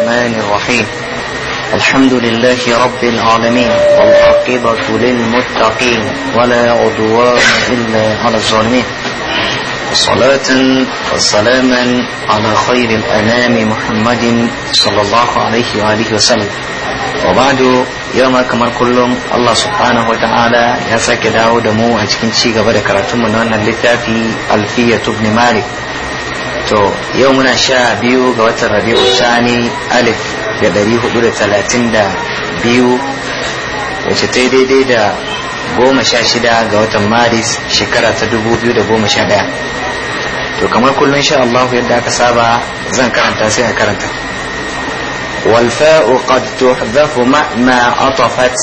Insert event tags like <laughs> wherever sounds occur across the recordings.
الرحمن الرحيم الحمد لله رب العالمين والعاقبة للمتقين ولا عدوان إلا على الظالمين صلاة وسلاما على خير الأنام محمد صلى الله عليه وآله وسلم وبعد يوم kamar كلهم الله سبحانه وتعالى ta'ala داود مو dawo da mu a cikin ci gaba da karatunmu to yau muna sha biyu ga watan rabi'u sani alif da ɗari hudu da talatin da biyu wacce ta daidai da goma sha shida ga watan maris shekara ta dubu biyu da goma sha ɗaya to kamar kullum sha allahu yadda aka saba zan karanta sai a karanta والفاء قد تحذف مهما عطفت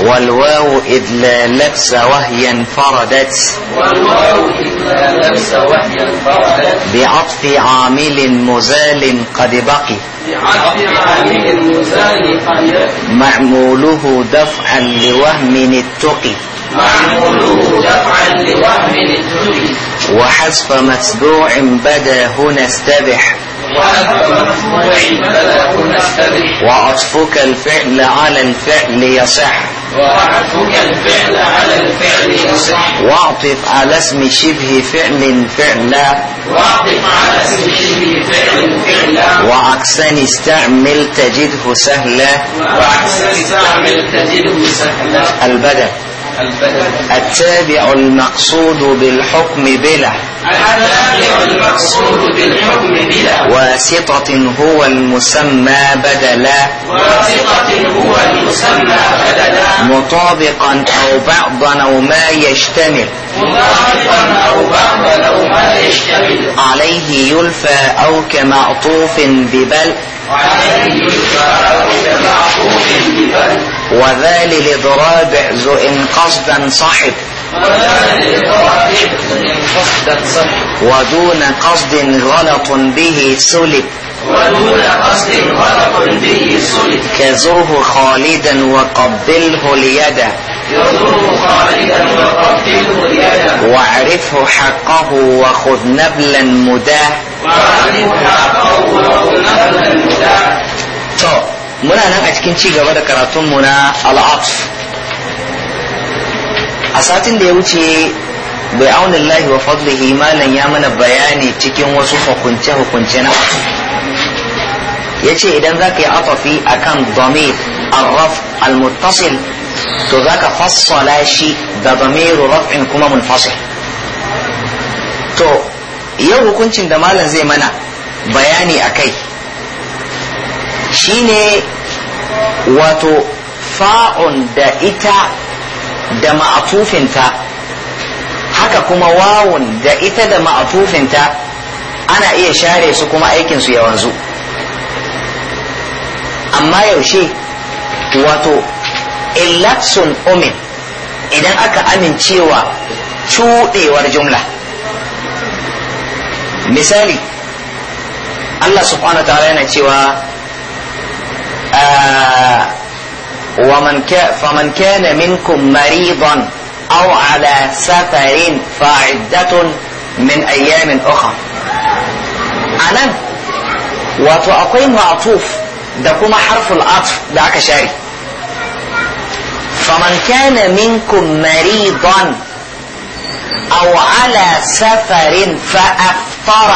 والواو إذ لا لبس وهي انفردت بعطف عامل مزال قد بقي معموله دفعا لوهم التقي معموله دفعا لوهم الدنيا وحذف مسبوع بدا هنا استبح وعطفك الفعل على الفعل يصح وعطفك الفعل على الفعل يصح واعطف على اسم شبه فعل فعلا واعطف على اسم شبه فعل فعلا وعكسان استعمل تجده سهلا وعكسان استعمل تجده سهلا البدل التابع المقصود بالحكم بلا التابع المقصود بالحكم بلا واسطة هو المسمى بدلا واسطة هو المسمى بدلا مطابقا أو بعضا أو ما يشتمل مطابقا أو بعضا أو ما يشتمل عليه يلفى أو كمعطوف ببل وذال لضرابع ذو إن قصدا صحب ودون قصد غلط به سلب ودون قصد غلط به سلب كزره خالدا وقبله اليد واعرفه حقه وخذ نبلا مداه واعرفه حقه وخذ نبلا to muna nan a cikin ci gaba da karatun mu na al'atf a satin da ya wuce bai aunin lahi wa fadlihi malam ya mana bayani cikin wasu hukunce-hukunce na ya ce idan za ka yi atafi a kan domir arraf al-muttasil to za ka fassala shi da domiru raf'in kuma munfasil to yau hukuncin da malam zai mana bayani a kai shine wato fa'un da ita da ma'atufinta haka kuma wawun da ita da ma'atufinta ana iya share su kuma aikinsu ya wanzu amma yaushe wato illatsun umin idan aka amincewa cuɗewar jumla misali Allah subhanahu wa ta'ala yana cewa آه. ومن ك... فمن كان منكم مريضا او على سفر فعدة من ايام اخرى انا وتعقيم معطوف ده كما حرف العطف ده كشاري فمن كان منكم مريضا او على سفر فافطر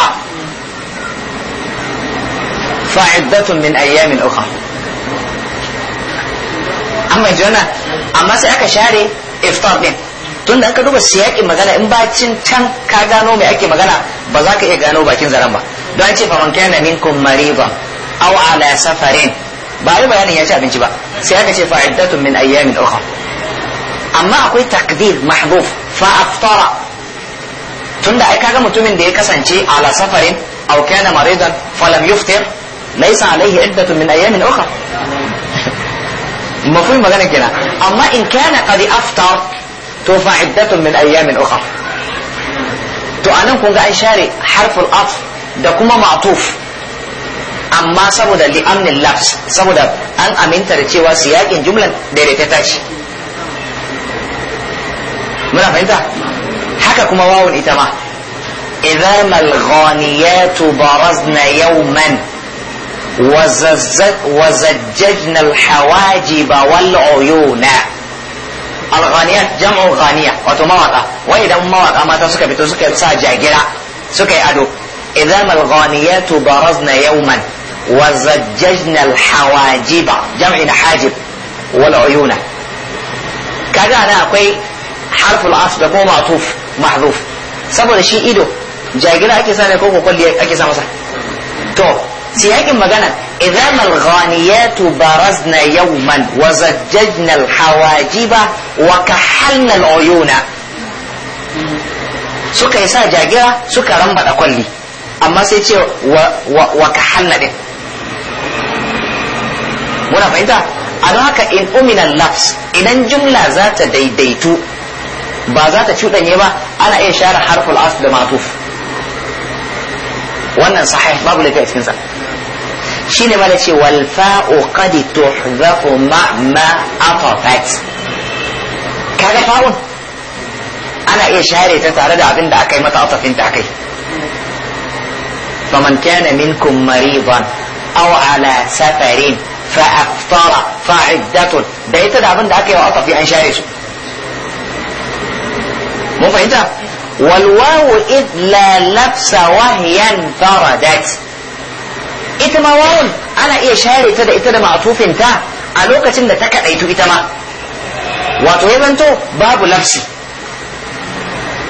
فعدة من ايام اخرى an mai jona amma sai aka share iftar din tun da ka duba siyaƙi magana in bacin can ka gano mai ake magana ba za ka iya gano bakin zaren ba don ce faman kana minkum mariba aw ala safarin ba yi bayanin ya ci abinci ba sai aka ce fa'iddatun min ayyamin ukhra amma akwai takdir mahdhuf fa aftara tunda ai kaga mutumin da ya kasance ala safarin aw kana maridan falam yuftir laysa alayhi iddatun min ayyamin ukhra مفهوم مغانا كده اما ان كان قد افطر توفى عدة من ايام اخر تؤلمكم انا كون جاي شاري حرف الاطف ده كما معطوف اما سبب لامن اللبس سبب ان امين ترى cewa siyakin jumlan da ya rata shi mura fahimta haka kuma wawun ita ma idza وزججنا الحواجب والعيون الغانية جمع غانية وتمواقع وإذا مواقع ما تسكى بتسكى ساجع سكى أدو إذا ما الغانيات برزنا يوما وزججنا الحواجب جمع حاجب والعيون كذا أنا أقول حرف العصب هو معطوف محذوف سبب الشيء إدو جاي جرا أكي سانة كوكو كل أكي سانة تو siyakin magana idan alghaniyatu barazna yawman wa zajjajna alhawajiba wa kahalna aluyuna suka yi sa jagira suka da kwalli amma sai ce wa kahalna din muna fahimta a don haka in umina nafs idan jumla za ta daidaitu ba za ta cuɗanye ba ana iya share harful as da matuf wannan sahih babu lafiya cikinsa shine mala ce wal fa'u qad tuhzafu ma'ma atafat kaga fa'un ana iya share ta tare da abin da aka yi mata atafin ta kai faman kana minkum maridan aw ala safarin fa aftara fa'iddatun da ita da abin da aka yi wa atafi an share su mun fahimta والواو إذ لا لبس وهي انفردت ita ma ana iya share ta da ita da ma'atufin ta a lokacin da ta kadaitu ita ma wato ya zanto babu lafsi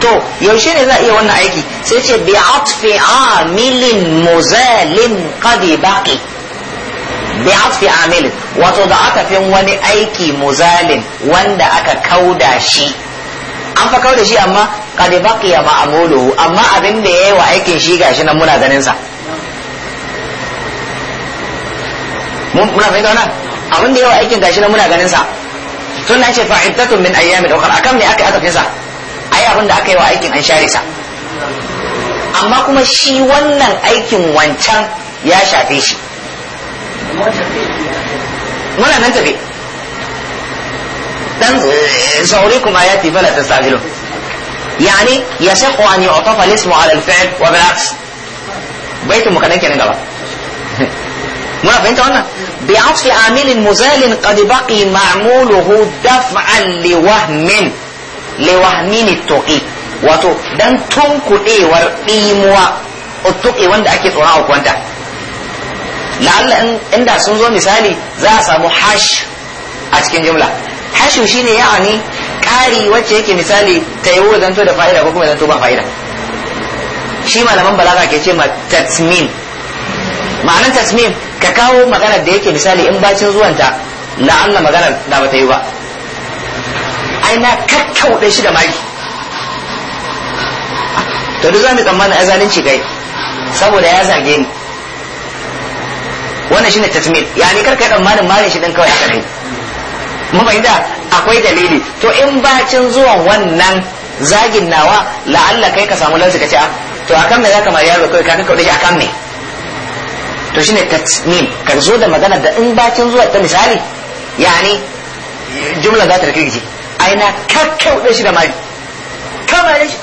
to yaushe ne za a iya wannan aiki sai ce bi atfi amilin muzalin qadi baqi bi atfi amilin wato da fin wani aiki muzalin wanda aka kauda shi an fa kauda shi amma qadi baqiya ma'amuluhu amma abin da yayi wa aikin shi gashi nan muna ganin sa muna fahimta wannan abin da yawa aikin gashi na muna ganin sa tun na ce fa'idatun min ayyamin ukhra akan me aka aka fisa ai abin da aka yi wa aikin an share sa amma kuma shi wannan aikin wancan ya shafe shi muna nan tafi dan eh, sauri kuma ya tafi la tasabilu yani ko an yu'tafa al-ismu ala al-fi'l wa bil baitu baitin kenan gaba muna fahimta wannan bi afi amilin muzalin qad baqi ma'muluhu daf'an li wahmin li wahmin tuqi wato dan tunkudewar dimuwa tuqi wanda ake tsoron hukunta la'alla inda sun zo misali za a samu hash a cikin jumla hashu shine ya'ani kari wacce yake misali ta yi zanto da fa'ida ko kuma zanto ba fa'ida shi malaman balaga ke ce ma tasmin ma'anar tasmin ka kawo maganar da yake misali in bacin zuwanta la'alla maganar da bata yi ba ai na da shi da magi. to duk zamu tsammana tsammanin zalunci kai saboda ya zage ni wannan shine tatmin yani kar kai tsammanin marin shi din kawai haka ne. mun fahimta akwai dalili to in bacin zuwan wannan zagin nawa la'alla kai ka samu lansu ka ce ah, a to akan me zaka mari yaro kai ka kakkauɗe shi akan me to shine tasnim ka zo da magana da in bacin zuwa ta misali yani jumla za ta rikirgice ai na kakkauɗe shi da mari kamar shi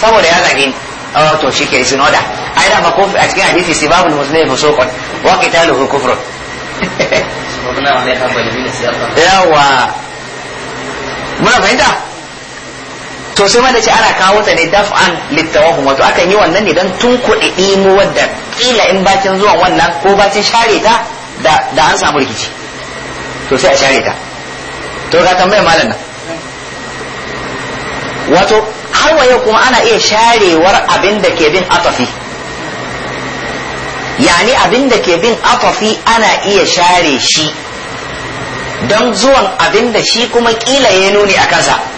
saboda ya zage ni oh to shi ke sun oda ai da ma kofi a cikin hadisi sibabul muslim fusuqun wa qitaluhu kufrun <laughs> yawa muna fahimta to sai wanda ce ana kawo ta ne daf'an littawahum wato akan yi wannan ne dan tun kuɗi mu wadda kila in bakin zuwan wannan ko bakin share ta da an samu rikici to sai a share ta to ka tambayar malam nan wato har wa yau kuma ana iya sharewar abin da ke bin atafi yani abin da ke bin atafi ana iya share shi don zuwan abin da shi kuma kila ya nuni a kansa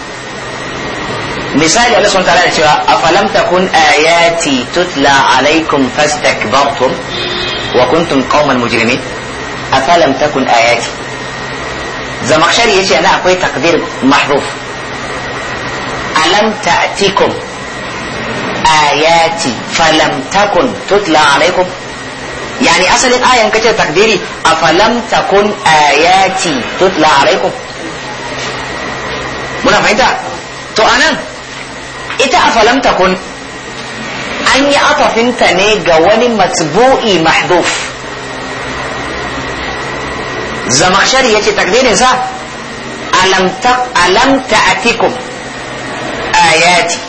مثال الله سبحانه وتعالى أفلم تكن آياتي تتلى عليكم فاستكبرتم وكنتم قوما مجرمين أفلم تكن آياتي زمخشري يجي أنا أقول تقدير محروف ألم تأتيكم آياتي فلم تكن تتلى عليكم يعني أصل الآية كتير تقديري أفلم تكن آياتي تتلى عليكم منا فهمتها تو أنا ita afalam takun an yi afafinta ne ga wani matbu'i mahduf zamakshari ya ce takdirinsa alam ta'atikum ayati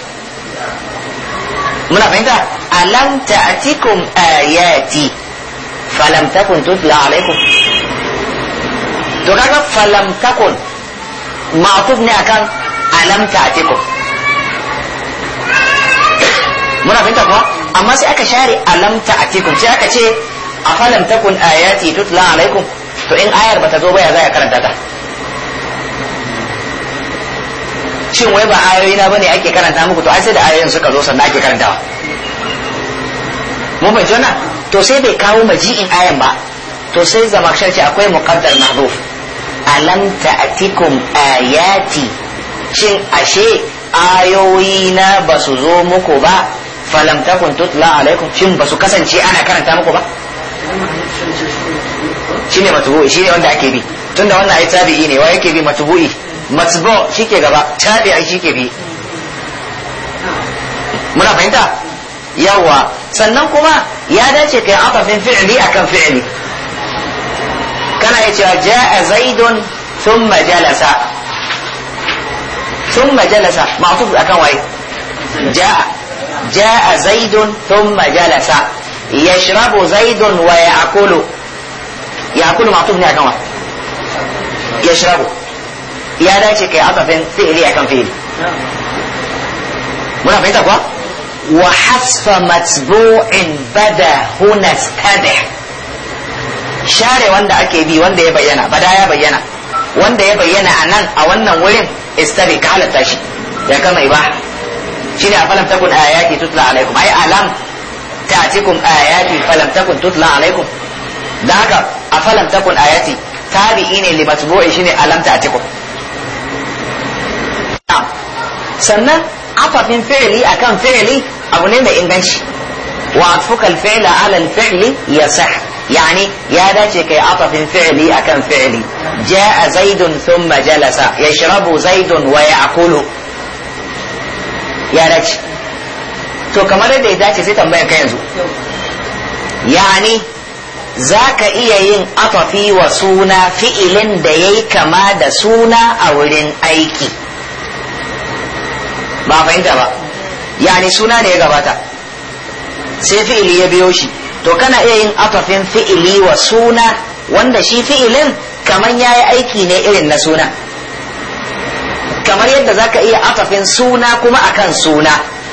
muna fahimta alam ta'atikum ayati falam takun tutla alaikum to kaga falam takun ma'tuf ne akan alam ta'atikum muna fahimta kuma amma sai aka share alam tekun sai aka ce a ta kun ayati tutla alaikum to in ayar bata zo ba ya za ya karanta ta shin wai ba ayoyi na bane ake karanta muku to ai sai da ayoyin suka zo sannan ake karantawa mun bai jona to sai bai kawo maji'in ayan ba to sai zama sharci akwai muqaddar mahdhuf alam ta'tikum ayati shin ashe ayoyi na ba su zo muku ba falam takun tutla alaikum shin ba su kasance ana karanta muku ba shine matbu'i shine wanda ake bi tunda wannan ai tabi'i ne wa yake bi matbu'i matbu shike gaba tabi'i shike bi muna fahimta yawa sannan kuma ya dace kai atafin fi'li akan fi'li kana iya cewa ja'a zaidun thumma jalasa thumma jalasa ma'tuf akan waye ja'a جاء زيد ثم جلس يشرب زيد ويأكل يأكل معطوف ne akan wa yashrabu ya dace kai azafin fi'li akan fi'li muna fahimta kuwa wa hasfa matbu'in bada huna share wanda ake bi wanda ya bayyana bada ya bayyana wanda ya bayyana a nan a wannan wurin istari ka halarta shi ya kama ibaha shine afalam takun ayati tutla alaikum ai alam ta'tikum ayati falam takun tutla alaikum dan haka afalam takun ayati tabi'i ne li matbu'i shine alam ta'tikum sannan afafin fi'li akan fi'li abu ne mai inganci wa atfuka al-fi'la ala al-fi'li yasah يعني يا ذاك عطف فعلي أكم فعلي جاء زيد ثم جلس يشرب زيد ويأكل ya dace to kamar yadda ya dace sai tambayar ka yanzu yani za ka iya yin afafi wa suna fi'ilin da ya yi kama da suna a wurin aiki ba fahimta ba yani suna ne ya gabata sai fi'ili ya biyo shi to kana iya yin afafin fi'ili wa suna wanda shi fi'ilin kamar ya yi aiki ne irin na suna kamar yadda za ka iya atafin suna kuma akan suna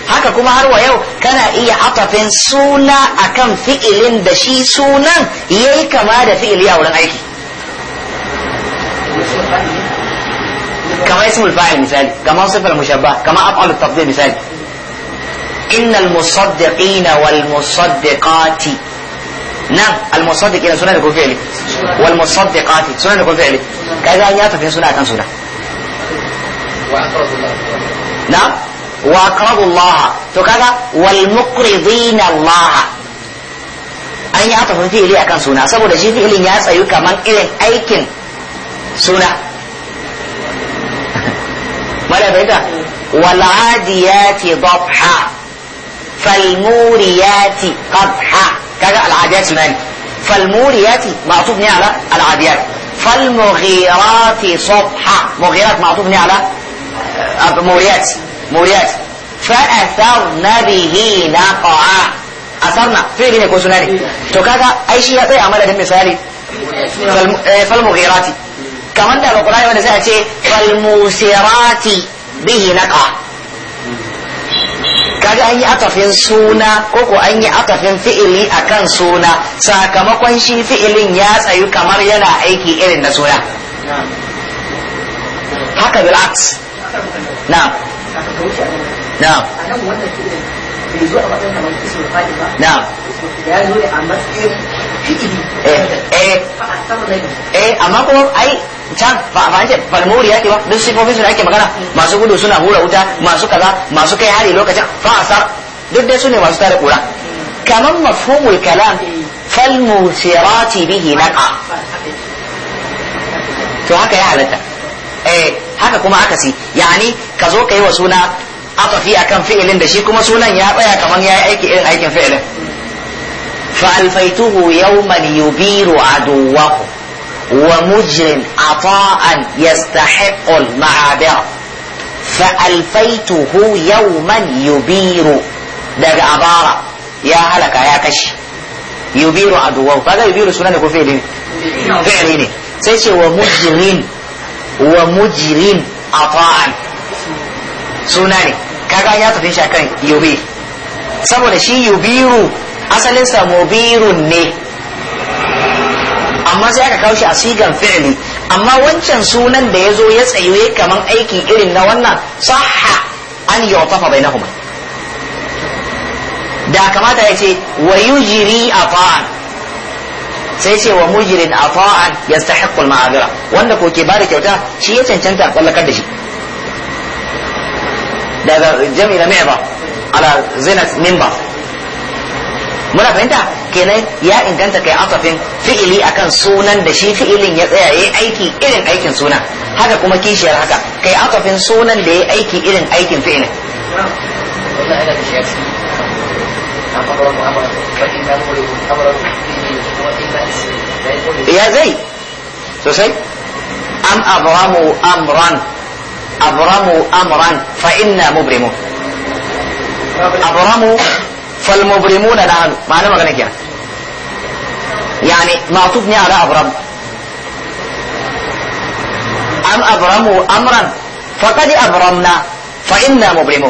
haka kuma har wa yau kana iya atafin suna akan fi'ilin da shi sunan ya yi kama da fi'ili a wurin aiki kamar ismul fa'il misali kamar sifar mushabba kamar af'al tafdil misali innal musaddiqina wal musaddiqati nan al musaddiqina suna da ko fi'ili wal musaddiqati suna da ko fi'ili kaga an ya tafi suna akan suna نعم وأقرب الله تكذا والمقرضين الله أن نعم. يعطف في إلي أكن سنة سبو دشي في إلي ناس نعم. أيوكا من إلي أيكن سنة <laughs> ماذا بيدا والعاديات ضبحا فالموريات قبحا كذا العاديات من فالموريات معطوفني نعم على العاديات فالمغيرات صبحا مغيرات معطوفني على موريات موريات فأثرنا به نقعا أثرنا فعل ne ko suna ne to kaga ai ya tsaya amma da misali fal mughirati kaman da alqur'ani wanda sai a ce fal musirati bihi naqa kaga an yi atafin suna ko ko an yi atafin fi'ili akan suna sakamakon shi fi'ilin ya tsayu kamar yana aiki irin na suna haka bil na'am na'am na'am ya a matsayin eh, eh. eh amma kuma ai can ba ba ce falmuri yake ba duk sifofin su da ake magana masu gudu suna hura wuta masu kaza masu kai hari lokacin fa'asar duk dai su ne masu tare kura kamar mafhumul kalam falmusirati bihi naqa to haka ya halatta eh haka kuma aka si yani ka zo ka yi wa suna afafi akan a fi'ilin da shi kuma sunan ya tsaya kamar ya yi aiki irin aikin fi'ilin fa alfaituhu yawman yubiru aduwahu wa mujrin ata'an yastahiqqu al-ma'abir fa alfaituhu yawman yubiru daga abara ya halaka ya kashi yubiru aduwahu kaga yubiru sunan da ko fi'ili ne fi'ili ne sai ce wa mujrin wa mujrim ata'an suna ne kaga ya tafi shi akan yubi saboda shi yubiru asalin sa mubirun ne amma sai aka kawo shi a sigan fi'li amma wancan sunan da ya zo ya kaman aiki irin na wannan sahha an yutafa bainahuma da kamata ya ce wa yujri sai ce wa mujirin afa'an yastahiqqul ma'azira wanda ko ke bada kyauta shi ya cancanta a kar da shi daga jami'i na mi'ba ala zinat minba muna fahimta kenan ya inganta kai asafin fi'ili akan sunan da shi fi'ilin ya tsaya yayi aiki irin aikin sunan haka kuma kishiyar haka kai asafin sunan da yayi aiki irin aikin fi'ilin Iya أمر selesai am abramu amran abramu amran fa inna mubrimu. abramu fal mubrimuna nahnu Mana magana kira yani Matubnya ada abram am abramu amran faqad abramna fa inna mubrimu.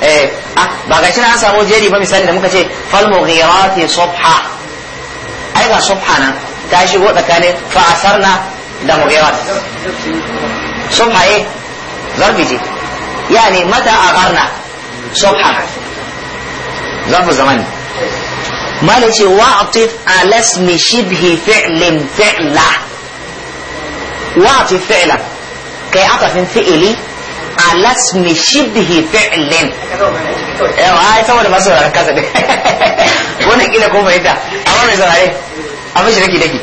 eh ah, ba ga shi an samu jeri ba misali da muka ce fal mughirati subha ai ga subha nan ta shigo tsakanin fa asarna da mughirat subha eh zarbi ji yani mata agarna subha zarbu zamani malai ce wa atif mi shibhi fi'lin fi'la wa atif fi'lan kai atafin fi'ili alas mi shibhi fi'lin yawa ai saboda masu sauraron kasa ne wannan kila ko fahimta amma mai saurare abin shi daki daki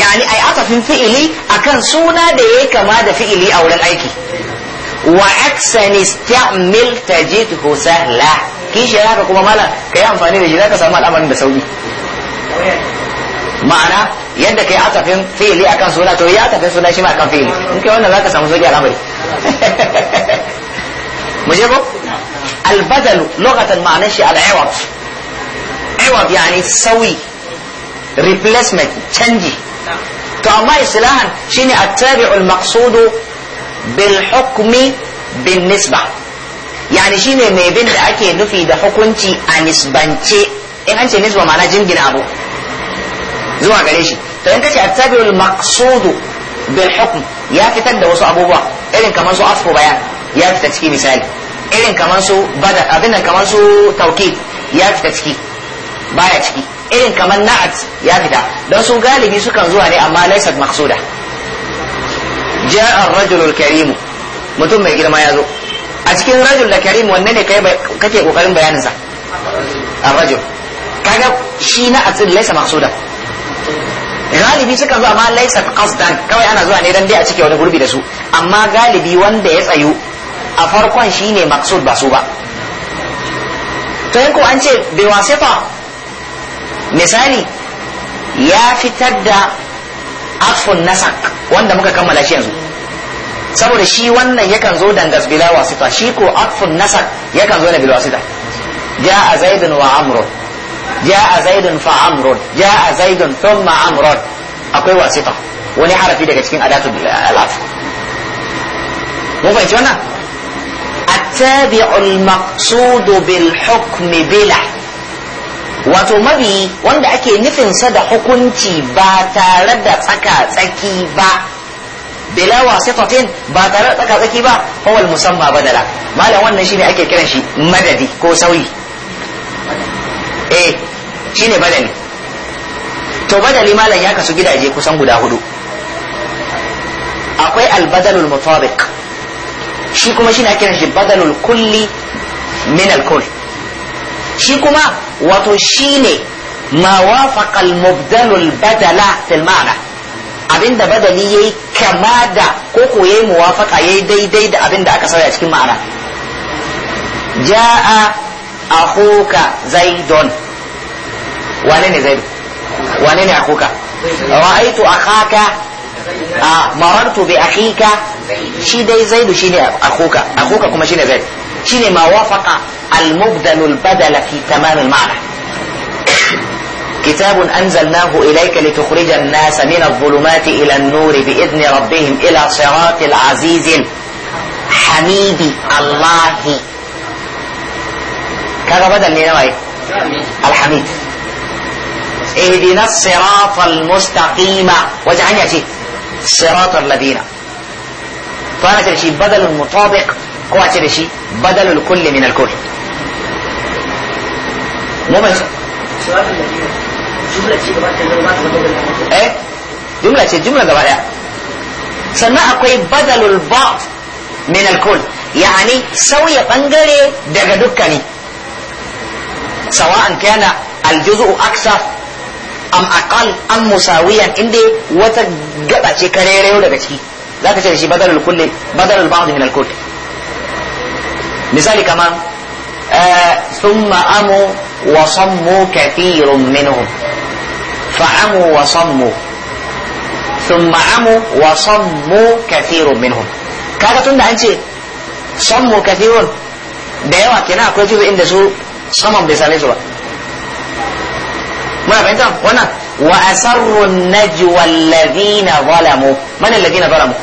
yani ai atafin fi'ili akan suna da yayi kama da fi'ili a wurin aiki wa aksan istamil tajidhu sahla kishi haka kuma mala kai amfani da shi zaka samu al'amarin da sauki ma'ana yadda kai atafin fi'ili akan suna to ya atafin suna shi ma akan fi'ili in kai wannan zaka samu sauki al'amari <laughs> يعجبك البدل لغة معناه العوض عوض يعني تسوي ريبليسمنت تشنجي to amma istilahan shine attabi'ul maqsudu bil hukmi bin nisba yani shine mai bin da ake nufi da hukunci a nisbance in an ce nisba ma'ana jingina abu zuwa gare shi to in kace attabi'ul maqsudu bil hukm ya fitar da wasu abubuwa irin kamar su asfu bayan ya fita cikin misali irin kamar su bada abin nan kamar su tauki ya fita ciki baya ciki irin kamar na'at ya fita don su galibi sukan zuwa ne amma laisat maqsuda ja'a ar-rajulul karim mutum mai girma ya zo a cikin rajul da karim wanne ne kai kake kokarin bayanin sa ar-rajul kaga shi na'at laisa maqsuda galibi sukan zuwa amma laisat qasdan kawai ana zuwa ne dan dai a cike wani gurbi da su amma galibi wanda ya tsayu a farkon shi ne maksud ba su ba to ko an ce bai wasifa misali ya fitar da afon nasa wanda muka kammala shi yanzu saboda shi wannan yakan zo dangas bila wasita shi ko afon nasa yakan zo da bila Ja a zaidun wa ja a zaidun fa amrun a zaidun ma amrun akwai wasita wani harafi daga cikin adatu al'af mun fahimci wannan التابع المقصود بالحكم بلا wato mabi wanda ake nufin sa da hukunci ba tare da tsaka tsaki ba bila wasitatin ba tare da tsaka tsaki ba huwa musamma badala malam wannan shine ake kiran shi madadi ko sauyi eh shine badali to badali malam ya kasu gidaje kusan guda hudu akwai albadalul mutabiq shi kuma shi na kiran shi badalul kulli min alkul shi kuma wato shi ne ma wafaqa badala fil ma'na abinda badali yayi kama da ko ko yayi muwafaqa yayi daidai da abinda aka sauya cikin ma'ana ja'a akhuka zaidun wane ne zaidu wane ne akhuka ra'aitu akhaka آه، مررت بأخيك شي دي زيد وشي دي أخوك أخوك كما شي زيد شي ما وافق المبدل البدل في تمام المعنى كتاب أنزلناه إليك لتخرج الناس من الظلمات إلى النور بإذن ربهم إلى صراط العزيز حميد الله كذا بدل لنا ايه الحميد اهدنا الصراط المستقيم واجعلني أشيء صراط الذين فانا ترشي بدل مطابق ko a ce da shi badalul kulli min alkul mu mai eh jumla ce jumla gaba daya sannan akwai badalul ba'd min alkul yani sauya bangare daga dukkani sawa'an kana aljuz'u aksar am aqal am musawiyan inda wata gaba ce karerayo daga ciki za ka ce da shi badalul kulli badalul ba'd min al-kull misali kamar eh, thumma amu wa sammu kathirun minhum fa'amu wa sammu thumma amu wa sammu kathirun minhum kaga tunda an ce sammu kathirun da yawa kenan akwai juzu inda su saman bai same su ba muna fahimta wannan وأسروا النجوى الذين ظلموا من الذين ظلموا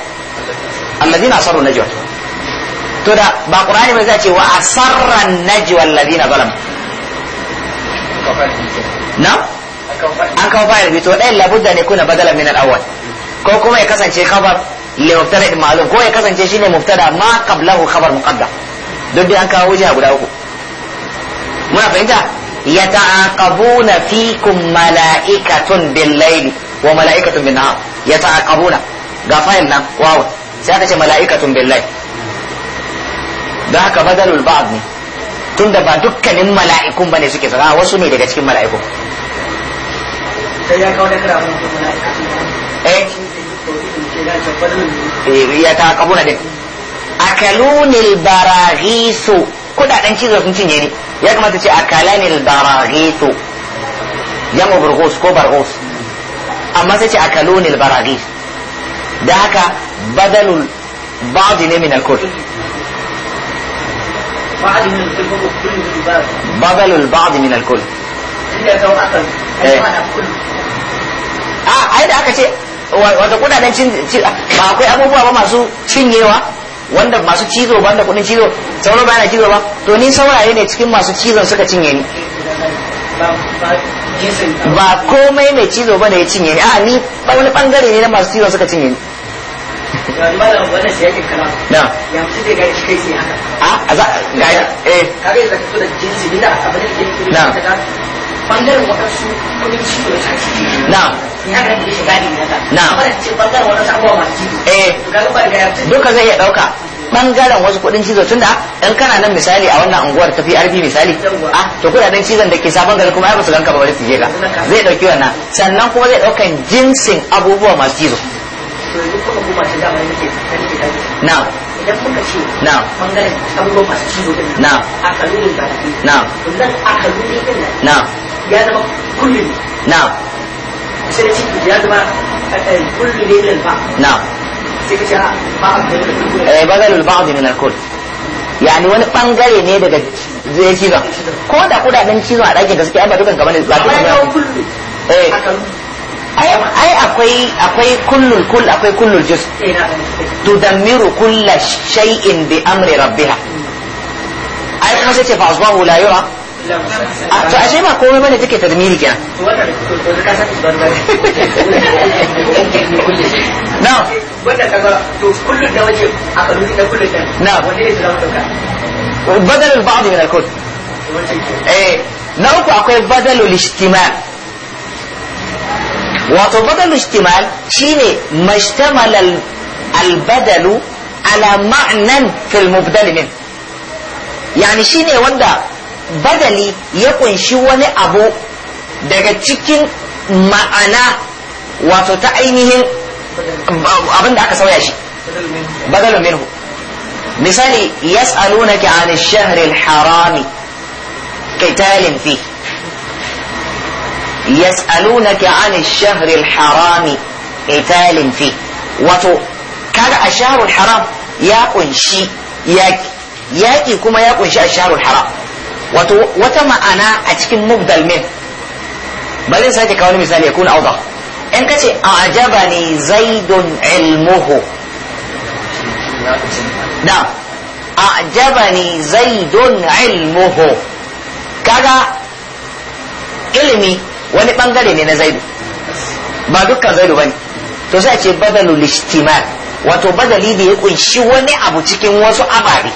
الذين أسروا النجوى to da ba qur'ani bai ce wa asarran na an kawo fa'il bi to labudda ne kuna badala min al ko kuma ya kasance khabar li mubtada ma'lum ko ya kasance shine mubtada ma qablahu khabar muqaddam duk dai an kawo wuja guda uku muna fahimta يتعاقبون فيكم ملائكة Ga وملائكة بالنهار يتعاقبون غفاين نعم واو سيأتي ملائكة بالليل da haka badalul ba'd ne tunda ba dukkanin mala'ikun bane suke tsara wasu ne daga cikin mala'ikun sai ya da eh ya ta kabuna din akalunil barahisu kudaden cizo sun cinye ni ya kamata ce a akalani baraghisu jamu burghus ko barghus amma sai ce a akaluni baraghis da haka badalul ba'd ne min al-kull badalul ba'd min al-kull a ai da aka ce wata kudaden cin ba akwai abubuwa ba masu cinyewa wanda masu cizo ba wanda kudin cizo sauro ba yana cizo ba to ni sauraye ne cikin masu cizon suka cinye ni ba komai mai cizo ba ne ya cinye ni a ni wani bangare ne na masu cizon suka cinye ni na a za ga ya eh kage da kuma jinsi bila abin da ke na bangaren wakansu kudin cizo ya cinye na na'am eh duka zai iya dauka bangaren wasu kudin cizo tunda in kana nan misali a wannan unguwar tafi arfi misali ah to kudaden cizon da ke sabon gari kuma ai ba su ganka ba bari su je ka zai dauki wannan sannan kuma zai daukan jinsin abubuwa masu cizo na'am idan muka ce na bangaren abubuwan masu cizo din na a kalurin barafi na nan a kalurin din na ya zama kullum na sai ciki ya zama eh, kullu ne min ba na'am sai ka ce ba'd eh, badalul ba'd min al-kull yani wani bangare ne daga zai cizon ko da kudaden cizon a ɗakin da suke ai ba dukan kamar ba dukan eh. ai akwai akwai kullul kull akwai kullul juz tudammiru kulla shay'in bi amri rabbiha ai kuma sai ce fa asbahu la yura to ashe ba komai bane take tadmiri kenan na wanda kaga to kullun da waje a karuti da kullun da na wanda ya zama doka badal al-ba'd min al-kull eh na uku akwai badal al-ijtima' wato badal al-ijtima' shine mashtamal al-badalu ala ma'nan fil mubdal min yani shine wanda badali ya kunshi wani abu daga cikin ma'ana wato ta ainihin abin da aka sauya shi badalun minhu misali yas'alunaka 'ani ash-shahri al-harami qitalin fi yas'alunaka 'ani ash-shahri al-harami qitalin fi wato kaga ash-shahru al-haram ya kunshi yaki yaki kuma ya kunshi ash-shahru al-haram wato wata ma'ana a cikin mubdal min ba sai ka kawo misali ya kuna auda in kace ce a ajaba zaidun ilmuhu na a ajaba zaidun ilmuhu kaga ilimi wani bangare ne na zaidu ba dukkan zaidu ba ne to sai a ce badalu lishtimal wato badali da ya kunshi wani abu cikin wasu ababe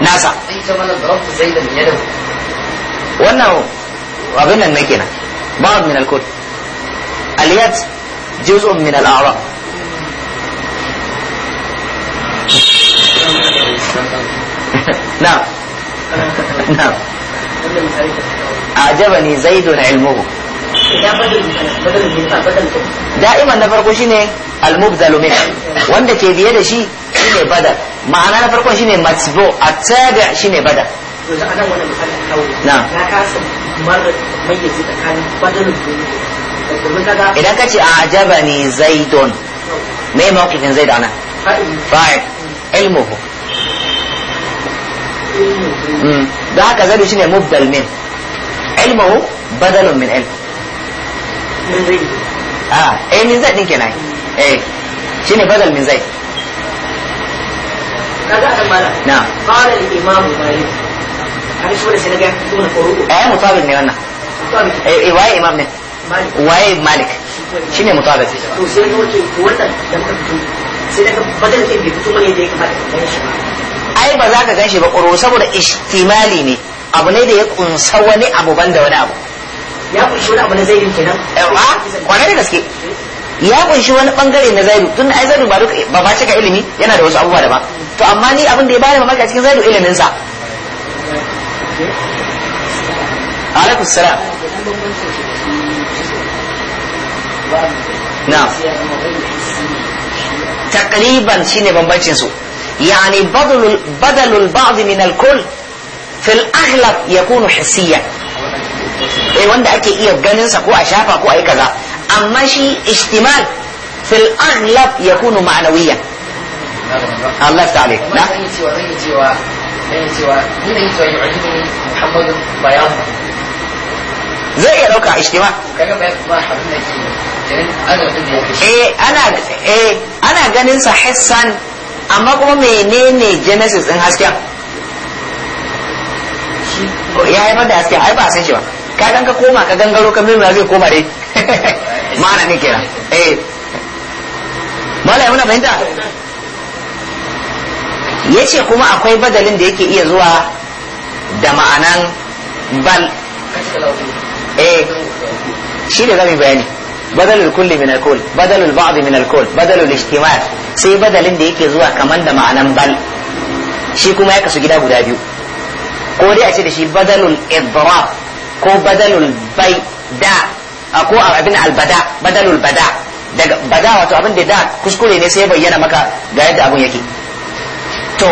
nasa sai ta mana darabtu zaidan yadahu wannan abin nan ne kenan ba'd min al-kut al-yad juz'un min al-a'rab نعم نعم أعجبني زيد علمه da'iman na farko shine al-mubdalu min wanda ke biye da shi shine bada ma'ana na farko shine matbu at-tabi' shine bada na idan ka ce a ajaba ni zaidon me mawqifin zai dana. fa'il ilmuhu hmm. da haka zaidu shine mubdal min ilmuhu badalun min ilm a eh min zai din kenan eh shine badal min zai kaga dan mala na qala al imam malik an shi wala sai ga tuna furu'u eh mutabid ne wannan eh, eh waye imam ne waye malik shine mutabid to sai yake wannan da ka fito sai daga badal din bai fito ne da ya kamata shi ai ba za ka ganshi ba ƙoro saboda ishtimali ne abu ne da ya kunsa wani abu ban da wani abu ya kunshi wani abu na zaidin kenan kwanar da gaske ya kunshi wani bangare na zaidu tun ai zaidu ba duka ba ba cika ilimi yana da wasu abubuwa da ba to amma ni abin da ya bani mamaki a cikin zaidu ilimin sa alaikum salam na takriban shine bambancin su يعني بدل بدل البعض من الكل في الأغلب يكون حسيا eh wanda ake iya ganin sa ko a shafa ko a yi kaza amma shi istimal fil aghlab yakunu ma'nawiyan Allah ta ne. na cewa zai iya ɗauka ishtima eh ana eh ana ganin sa hissan amma kuma menene genesis din hasken ya haifar da hasken ai ba san shi ba ka dan ka koma ka gangaro ka mirna zai koma dai <laughs> ma'ana ne kenan eh malai muna fahimta yace kuma akwai badalin da yake iya zuwa da ma'anan bal eh shi da zamu bayani badalul kulli min alkul badalul ba'd min alkul badalul ijtima' sai badalin da yake zuwa kaman da ma'anan bal shi kuma ya kasu gida guda biyu ko dai a ce da shi badalul idrab ko badalul bai da ko abin albada badalul bada daga bada wato abin da da kuskure ne sai bayyana maka ga yadda abin yake to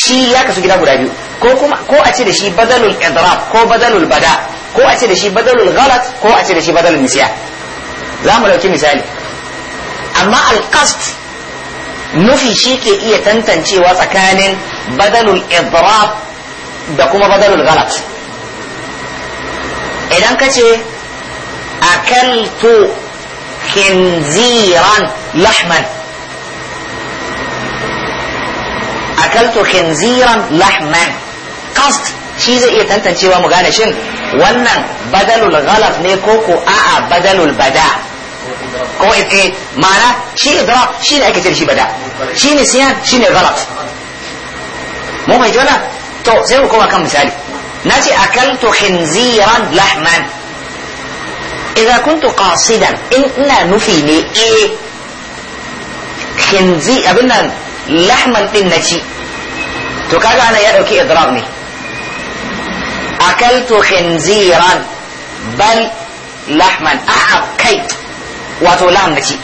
shi ya kasu gida guda biyu ko kuma ko a ce da shi badalul idrab ko badalul bada ko a ce da shi badalul ghalat ko a ce da shi badalul nisya za mu dauki misali amma alqasd nufi shi ke iya tantancewa tsakanin badalul idrab da kuma badalul ghalat idan ka ce akaltu khinziran lahman akaltu khinziran lahman cost shi zai iya tantancewa mu gane shin wannan badalul ghalaf ne ko ko a'a badalul bada ko eh ma'ana shi idra shi ne ake shi bada shi ne siyan shi ne ghalaf mu mai jona to sai ku koma kan misali نأتي أكلت خنزيرا لحما إذا كنت قاصدا إنا نفيني إيه خنزي أبنا لحما تنتي تكاد أنا يدوكي إضرابني أكلت خنزيرا بل لحما أعب آه، كيت وتلام نتي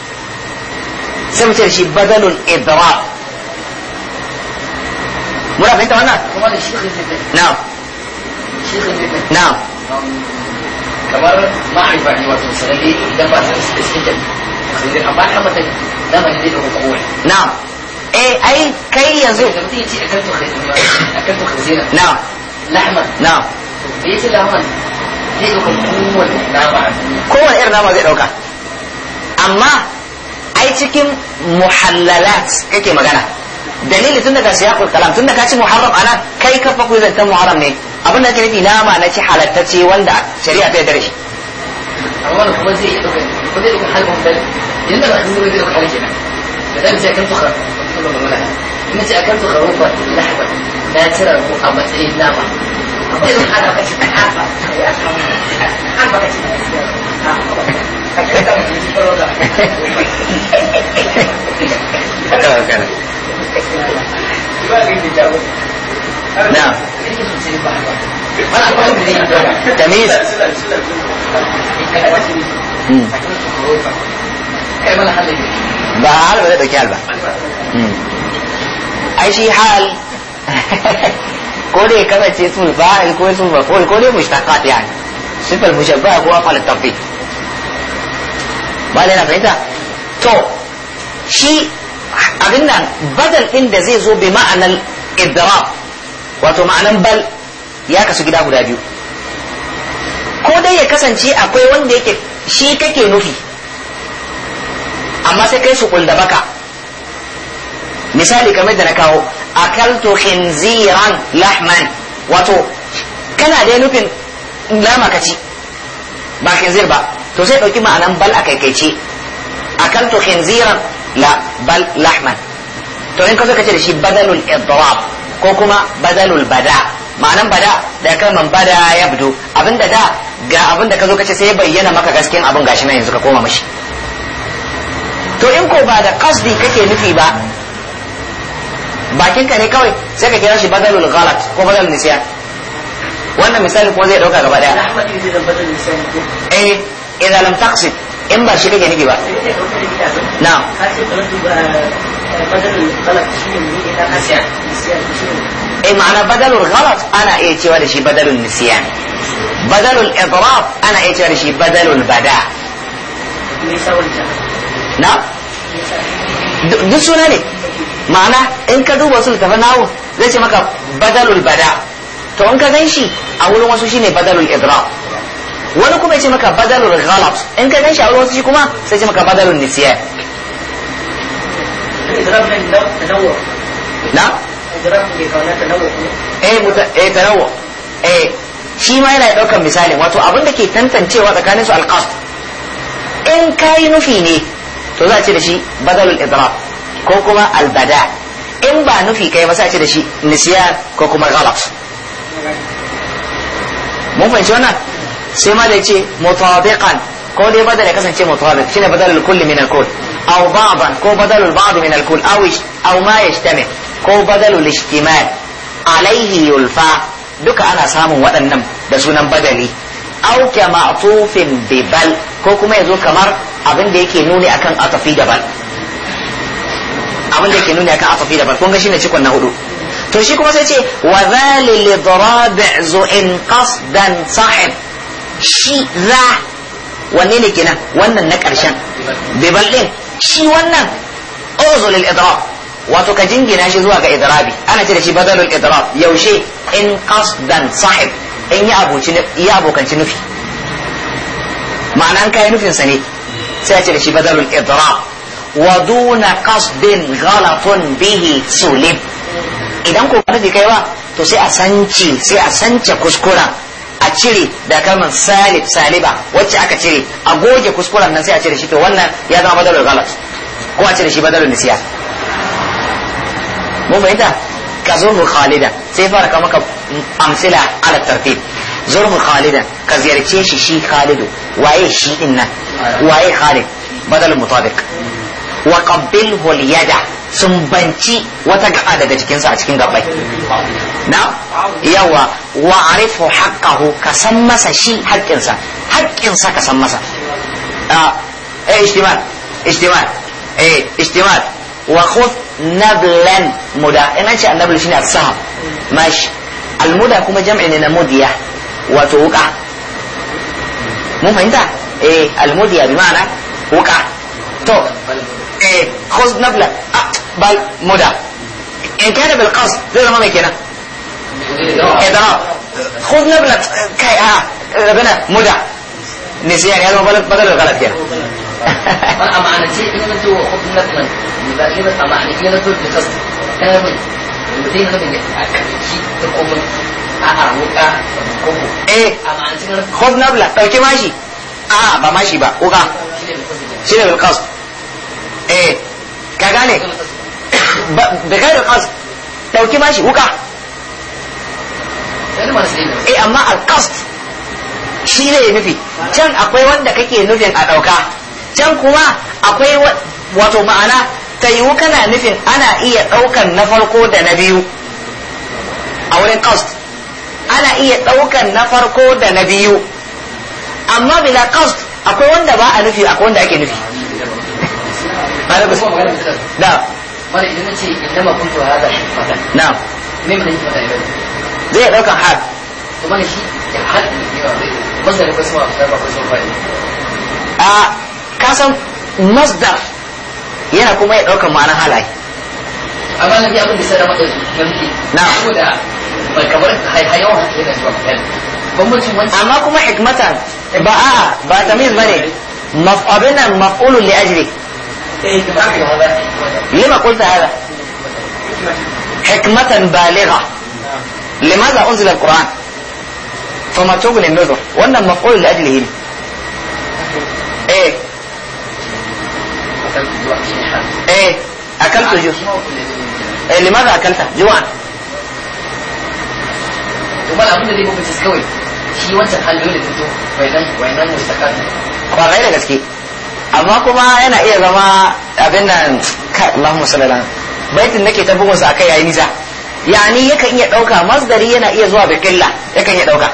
سمت بدل الإضراب مرافق انت وانا نعم na'am kamar ma'arifa ne wato sanadi idan ba su da suke sanadi amma kan mata dama ne da hukumar na'am eh ai kai yanzu da mutum ya ce akan akan tukhazina na'am lahma na'am bai ce lahman zai dauka kowane nama kowane irin nama zai dauka amma ai cikin muhallalat kake magana dalili tun daga siyaqul kalam tun da ka ci muharram ana kai ka faku zan san muharram ne abin da ke nufi nama na ci halattacce wanda shari'a ta yarda shi amma kuma zai dauka ko zai dauka halin da yanda ba zai dauka halin kenan da dan ce kan tukar kuma mana ina ce kan tukar ruba lahaba na tsira ko a matsayin nama نعم تمييز بقى عارف ده كلبه اي شيء حال ko dai ce sun fa'il ko sun maf'ul ko dai mushtaqat yani sifal mushabbaha ko afal tawfiq ba da yana fahimta to shi abin nan badal din da zai zo bi ma'anar idrab wato ma'anar bal ya kasu gida guda biyu ko dai ya kasance akwai wanda yake shi kake nufi amma sai kai su da baka misali kamar da na kawo akaltu khinziran lahman wato kana dai nufin nama ka ci ba khinzir ba to sai ɗauki ma'anan bal a kaikaice akaltu khinziran la bal lahman to in ka zo kace da shi badalul idrab ko kuma badalul bada ma'anan bada da kalman bada ya bido abinda da ga abinda ka zo kace sai bayyana maka gaskiyan abin gashi nan yanzu ka koma mashi to in ko ba da kasdi kake nufi ba bakin ka ne kawai sai ka kira shi badalul ghalat ko badalul nisyan wannan misali kuma zai dauka gaba daya eh idan lam taqsid in ba shi kake nufi ba na eh, eh ma'ana badalul ghalat ana iya cewa da shi badalul nisyan badalul idraf ana iya cewa da shi badalul bada na duk suna ne ma'ana in ka duba su tafi nawo zai ce maka badalul bada to in ka gan shi a wurin wasu shine badalul idra wani kuma ya ce maka badalul ghalat in ka gan shi a wurin wasu shi kuma sai ce maka badalul nisya na eh muta eh tanawu eh shi ma yana daukar misali wato abin da ke tantancewa tsakanin su alqasd in kai nufi ne to za a ce da shi badalul idra ko kuma albada in ba nufi kai masa ce da shi nisiya ko kuma galat mun fahimci wannan sai ma da ce mutabiqan ko dai badal ya kasance mutabiq shine badalul kulli min al-kull aw ba'dan ko badalul ba'd min al-kull aw aw ma ko badalul ishtimal alaihi yulfa duka ana samun waɗannan da sunan badali aw kama atufin bibal ko kuma yazo kamar abin da yake nuni akan atafi da bal abin da ke nuni akan atafi daban kun ga shine cikon na hudu to shi kuma sai ce wa zalil darabi zu in qasdan sahib shi za wanne ne kenan wannan na karshen bibal din shi wannan uzul al-idrab wato ka jingina shi zuwa ga idrabi ana ce da shi badalul idrab yaushe in qasdan sahib in ya aboci ya abokanci nufi ma'ana an kai nufin sa ne sai a ce da shi badalul idrab ودون قصد غلط bihi سلب idan ko kai kaiwa to sai a sanci sai a sance kuskuren a cire da kalmar salib saliba wacce aka cire a goge kuskuren nan sai a cire shi to wannan ya zama badalul galat ko a cire shi badalul nisiya mun fahimta ka mu Khalida sai fara kama ka amsila ala tartib zurhu Khalida ka ziyarce shi shi khalidu waye shi din nan waye khalid badalul mutabiq wa qabbilhu al-yada sun banci wata gaba daga jikinsa a cikin gabai na yawa wa arifu haqqahu ka san masa shi sa haƙƙinsa sa ka san masa eh ijtimal ijtimal eh ijtimal wa khudh nablan muda in an ce annabul shine as mashi almuda kuma jam'i ne na mudiya wato wuka mun fahimta eh al bi ma'ana wuka to ايه خذ نبلة اقبل آه، مدى ان كان بالقصد زي ما كده اضراب خذ نبلة كي اه ربنا مدى نسيان يعني بدل بدل الغلط هنا معنى كلمة وخذ نبلة يبقى كلمة معنى كلمة بالقصد كامل المدينة نبلة تقوم آه، آه، إيه. خذ نبلة طب كي ماشي اه ما ماشي بقى وقع شنو القصد eh ka gane da gairar qasd dauki bashi wuka eh amma al-qasd shi ne nufi can akwai wanda kake nufin a dauka can kuma akwai wato ma'ana ta yiwu kana nufin ana iya daukan na farko da na biyu a wurin qasd ana iya daukan na farko da na biyu amma bila qasd akwai wanda ba a nufi akwai wanda ake nufi alaikum salam na'am wani idan nace innama kuntu hadha hikmatan na'am Na. Min yi fata idan zai dauka har to mana shi ya hadin ne ba zai masdar ba suwa ba ba suwa a kasan masdar yana kuma ya dauka ma'anar halaye A amma na ji abin da sai da maɗauki yanki na saboda bai kamar hayawan hankali da zuwa kan bambancin wancan amma kuma hikmatan ba a ba tamiz bane maf'abina maf'ulun li ajri لما قلت هذا حكمة بالغة لماذا أنزل القرآن فما تغني النذر وأن المفعول لأجله إيه إيه أكلت جوع إيه لماذا أكلته جوعا وغير gaske amma kuma yana iya zama abin nan kai Allahumma sallallahu baitin nake ta bugun sa kai yayi nisa yani yakan iya dauka masdari yana iya zuwa bi qilla yakan iya dauka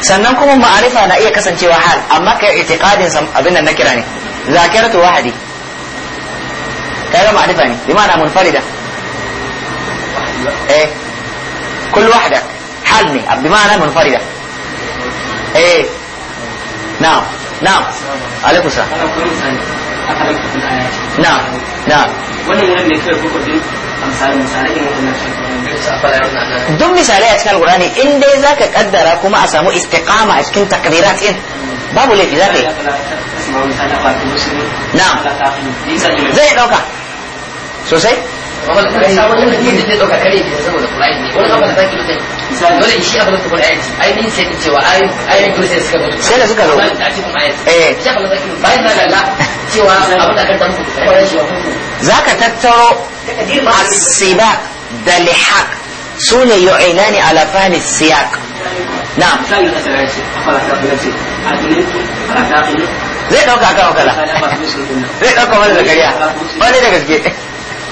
sannan kuma ma'arifa na iya kasancewa hal amma kai itiqadin sa abin nan na kira ne zakiratu wahidi kai ma'arifa ne bi ma'ana munfarida eh kullu wahda hal ne بمعنى munfarida eh na'am na'am alaikum salam duk misalai a cikin alkurani in dai za ka kaddara kuma a samu istiqama a cikin takrirat in babu laifi za ka yi na'am zai dauka sosai kare saboda ne min sai sai da suka zo da cikin eh. na cewa zaka tattaro asiba da lihaq sune yu'inani ala fahmi siyaq na'am zai ɗauka kan wakala zai ɗauka wani da wani da gaske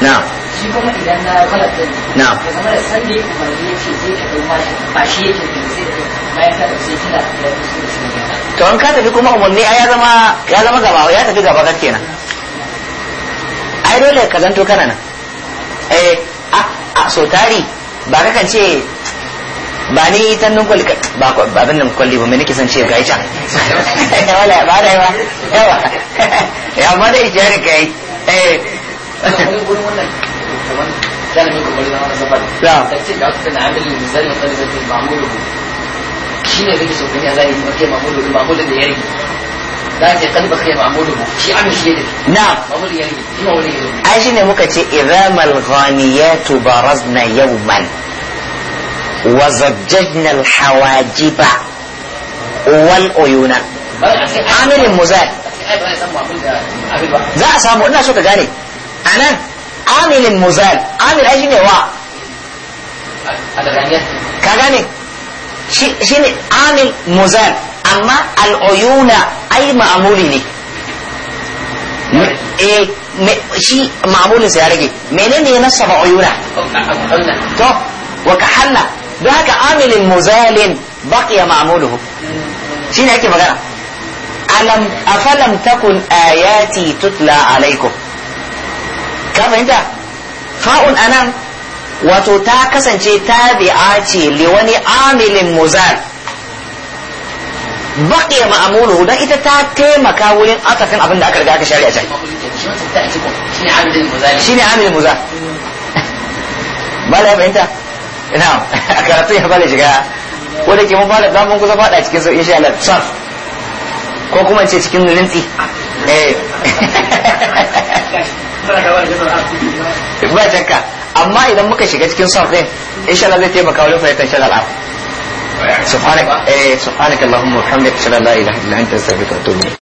na shi kuma idan na kwalab din na ya zama da san da umarni ya ce zai ka dau mashi ba shi yake da zai ka bayan ka zai kina da su to an ka tafi kuma umarni ai ya zama ya zama gaba ya tafi gaba kenan ai dole ka zanto kana nan eh a so tari ba ka kan ce ba ni ta nun kwalli ba abin nan kwalli ba mai nake son ce ga ita <laughs> wala ba da yawa yawa <laughs> ya ma da ijiyar kai eh shi ne zai so gani a zahiri ne na mamulu ya rage kuma wani muka ce idhamal ghaniyatu barazna yawman wa wal uyuna amirin muzal za a samu ina so ka gane معناه عامل المزال عامل أجني وع كغني شيء عامل مزال أما العيون أي معمول لي eh shi ma'amulinsa ya rage menene ya nasaba uyuna to wa ka halla da haka amilin muzalin baqiya ma'amuluhu shine ake magana alam afalam takun ayati tutla alaikum ka fahimta fa'un anan wato ta kasance tabi'a ce li wani amilin muzal ya ma'amulu don ita ta taimaka wurin akakan abin da aka riga aka shari'a shi ne amilin muzal bala ya fahimta ina <laughs> a karatu ya bala shiga ko da ke mun fara zamun kusa fada cikin sauƙi insha Allah sarf ko kuma ce cikin rintsi eh <laughs> <laughs> ba shakka amma idan muka shiga cikin son ɗin insha Allah zai taimaka wajen fahimtar shi al'adu سبحانك eh سبحانك اللهم وبحمدك اشهد ان لا اله الا انت استغفرك واتوب اليك